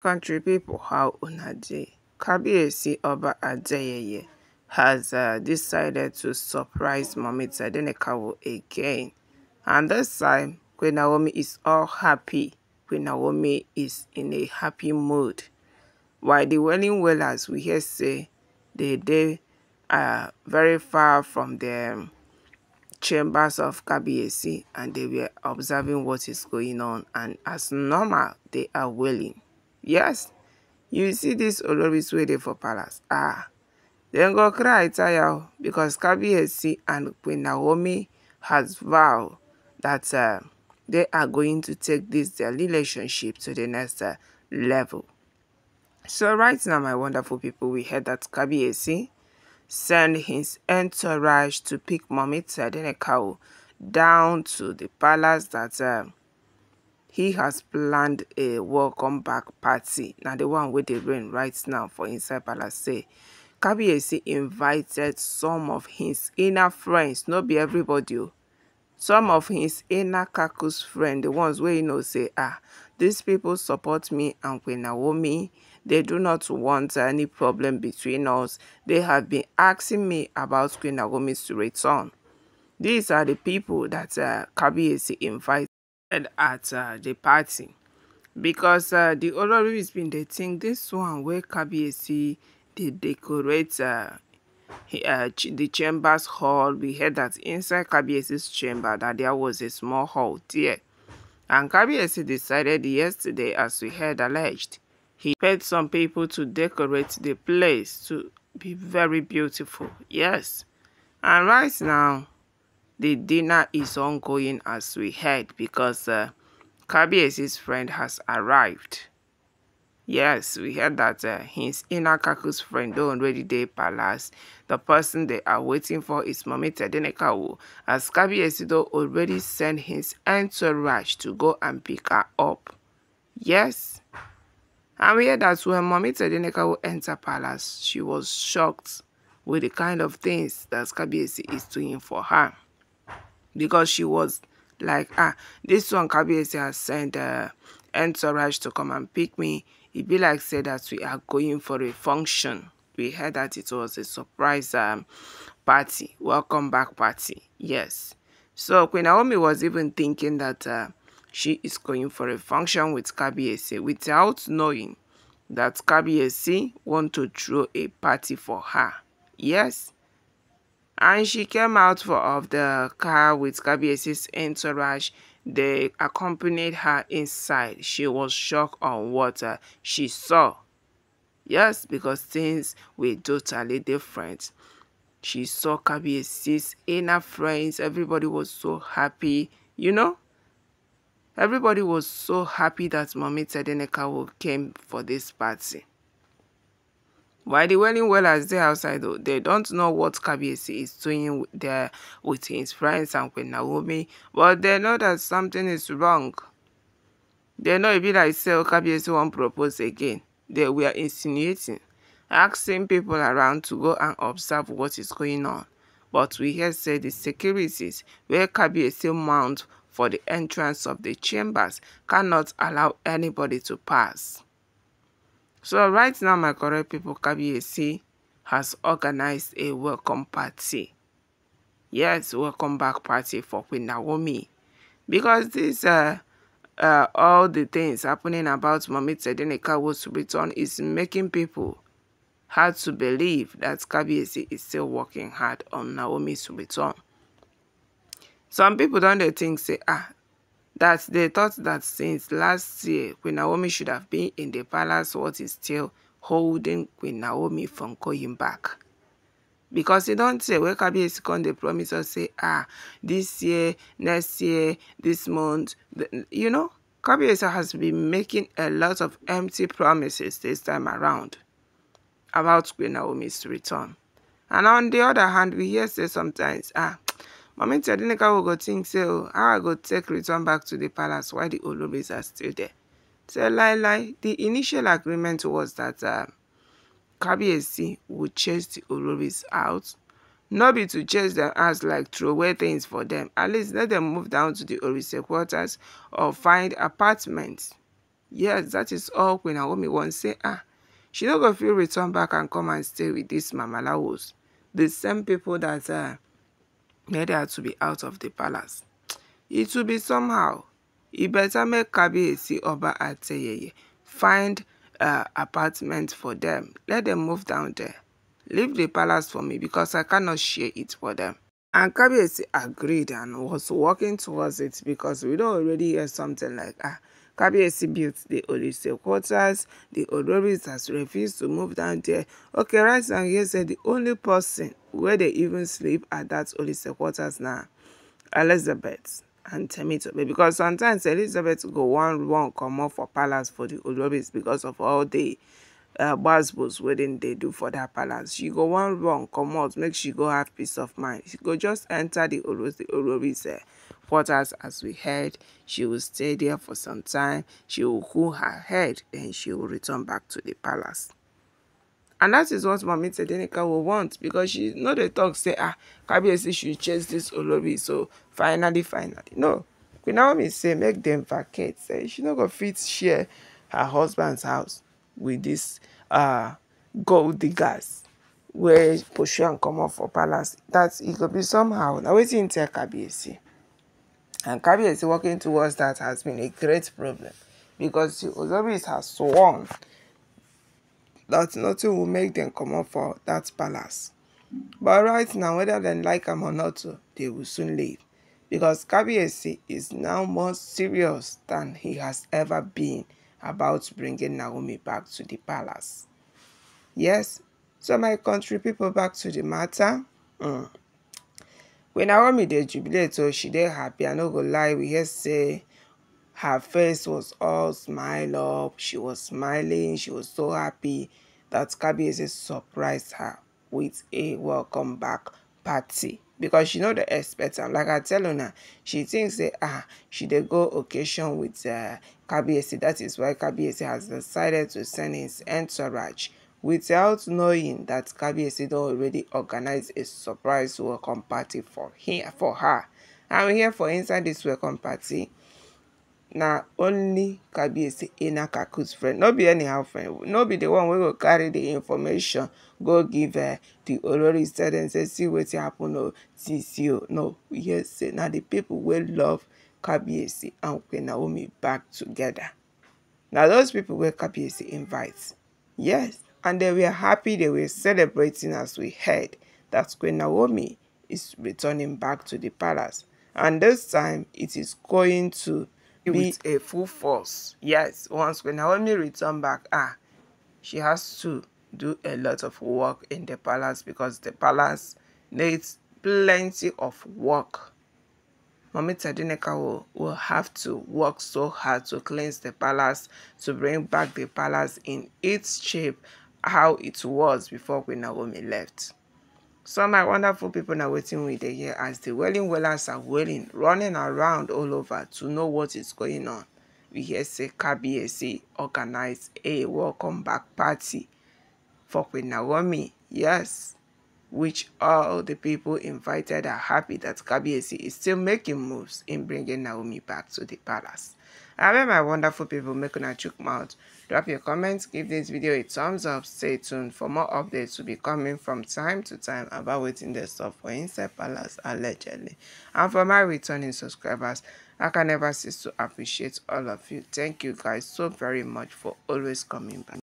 Country people, how una dey? Kabiyesi Oba Adeyeye has uh, decided to surprise Mummy Tadenekawo again. And this time, Queen Naomi is all happy. Queen Naomi is in a happy mood. While the Welling Wellers, we hear say, they are very far from the um, chambers of Kabiyesi and they were observing what is going on. And as normal, they are willing. Yes, you see this Olori's way for palace. Ah, then go cry tire because Kabiyesi and Queen Naomi has vowed that uh, they are going to take this their relationship to the next uh, level. So right now, my wonderful people, we heard that Kabiyesi sent his entourage to pick Mommy Tadenekau down to the palace that... Uh, he has planned a welcome back party Now the one with the reign right now for inside palace say kabiyesi invited some of his inner friends not be everybody oh. some of his inner kakus friends, the ones where you know say ah these people support me and Queen Naomi they do not want any problem between us they have been asking me about Queen Naomi's return these are the people that uh, invited at uh, the party because uh, the olori has been the thing this one where KBC, they decorate uh, he, uh, ch the chambers hall we heard that inside KBC's chamber that there was a small hall there and KBC decided yesterday as we had alleged he paid some people to decorate the place to be very beautiful yes and right now the dinner is ongoing as we head because uh, Kabiesi's friend has arrived. Yes, we heard that uh, his Inakaku's friend already day palace. The person they are waiting for is Mami Tedenekawu, as Kabiesido already sent his entourage to go and pick her up. Yes. And we heard that when Mami Tedenekawu entered palace, she was shocked with the kind of things that Kabiesi is doing for her because she was like, ah, this one Kabiesi has sent uh, entourage to come and pick me. It be like said that we are going for a function. We heard that it was a surprise um, party, welcome back party. Yes. So Queen Naomi was even thinking that uh, she is going for a function with Kabiesi without knowing that Kabiesi want to throw a party for her. Yes and she came out of the car with Kabiesi's entourage. They accompanied her inside. She was shocked on what uh, she saw. Yes, because things were totally different. She saw Kabiesi's inner friends. Everybody was so happy, you know? Everybody was so happy that Mommy Tedeneka came for this party. While the Welling Wellers they outside though, they don't know what Kabiesi is doing there with his friends and with Naomi, but they know that something is wrong. They know it be like say oh, Kabiesi won't propose again. They were insinuating, asking people around to go and observe what is going on. But we hear say the securities where Kabiesi mount for the entrance of the chambers cannot allow anybody to pass. So right now, my correct people, Kabiyesi has organized a welcome party. Yes, welcome back party for Queen Naomi. Because this, uh, uh, all the things happening about Mami Tedinika was return is making people hard to believe that Kabiyesi is still working hard on Naomi's return. Some people don't they think, say, ah, that they thought that since last year Queen Naomi should have been in the palace what is still holding Queen Naomi from going back. Because you don't say where Kabi is going they promise or say ah this year, next year, this month you know Kabi has been making a lot of empty promises this time around about Queen Naomi's return. And on the other hand, we hear say sometimes, ah, Momenti Adeleke go think. say oh how I go take return back to the palace while the Olobis are still there. Say lie lie, the initial agreement was that uh, um, Kabiyesi would chase the Olobis out. not be to chase them as like throw away things for them. At least let them move down to the Orise quarters or find apartments. Yes, that is all Queen Naomi once say ah. She no go feel return back and come and stay with these Mamalawos. The same people that uh, needed her to be out of the palace. It would be somehow. It better make Kabiyesi Oba Ateyeye find uh, apartment for them. Let them move down there. Leave the palace for me because I cannot share it for them. And Kabiyesi agreed and was walking towards it because we don't already hear something like, ah, Kabiyesi built the Olise quarters, the Oloris has refused to move down there. Okay, right now, he said the only person where they even sleep at that Olise quarters now, Elizabeth and Temitope. Because sometimes Elizabeth go one one come up for palace for the Olobis because of all the uh, basbos wedding they do for that palace. She go one run, come out, make she go have peace of mind. She go just enter the Oros, the Orobis uh, quarters as we heard. She will stay there for some time. She will cool her head, then she will return back to the palace and that is what Mami Tedenika will want because she no dey talk say ah Kabiyesi she chase this Olori so finally finally no Queen Naomi say make dem vacate say she no go fit share her husband's house with this uh, gold diggers wey pursue am comot for palace that e go be somehow na wetin im tell Kabiyesi and Kabiyesi walking towards that has been a great problem because Olori has sworn that nothing will make them come up for that palace but right now whether they like him or not they will soon leave because kabiyesi is now more serious than he has ever been about bringing naomi back to the palace yes so my country people back to the matter mm. when naomi dey jubilate o oh, she dey happy i no go lie we hear say her face was all smile up. She was smiling. She was so happy that Kabiese surprised her with a welcome back party because she know dey expect am like i tell una she think say ah she dey go occasion with uh, kabiyesi that is why kabiyesi has decided to send his entourage without knowing that kabiyesi don already organize a surprise welcome party for him for her i'm here for inside this welcome party na only kabiyesi inakaku's friend no be anyhow friend no be the one wey go carry the information go give uh, the olori instead and say see wetin happen o oh, since you oh. no we hear say na the people wey love kabiyesi and queen naomi back together na those people wey kabiyesi invite yes and they were happy they were celebrating as we heard that queen naomi is returning back to the palace and this time it is going to with a full force. Yes, once when Naomi returned back, ah, she has to do a lot of work in the palace because the palace needs plenty of work. Mommy Tadineka will, will have to work so hard to cleanse the palace, to bring back the palace in its shape, how it was before Queen Naomi left. So my wonderful people now waiting with the year as the welling wellers are welling, running around all over to know what is going on. We hear say KBSC organized a welcome back party for Queen Naomi. Yes, which all the people invited are happy that Kabiesi is still making moves in bringing Naomi back to the palace. I bet my wonderful people making a chook mouth. Drop your comments, give this video a thumbs up, stay tuned for more updates to be coming from time to time about what's in the store for Inside Palace allegedly. And for my returning subscribers, I can never cease to appreciate all of you. Thank you guys so very much for always coming back.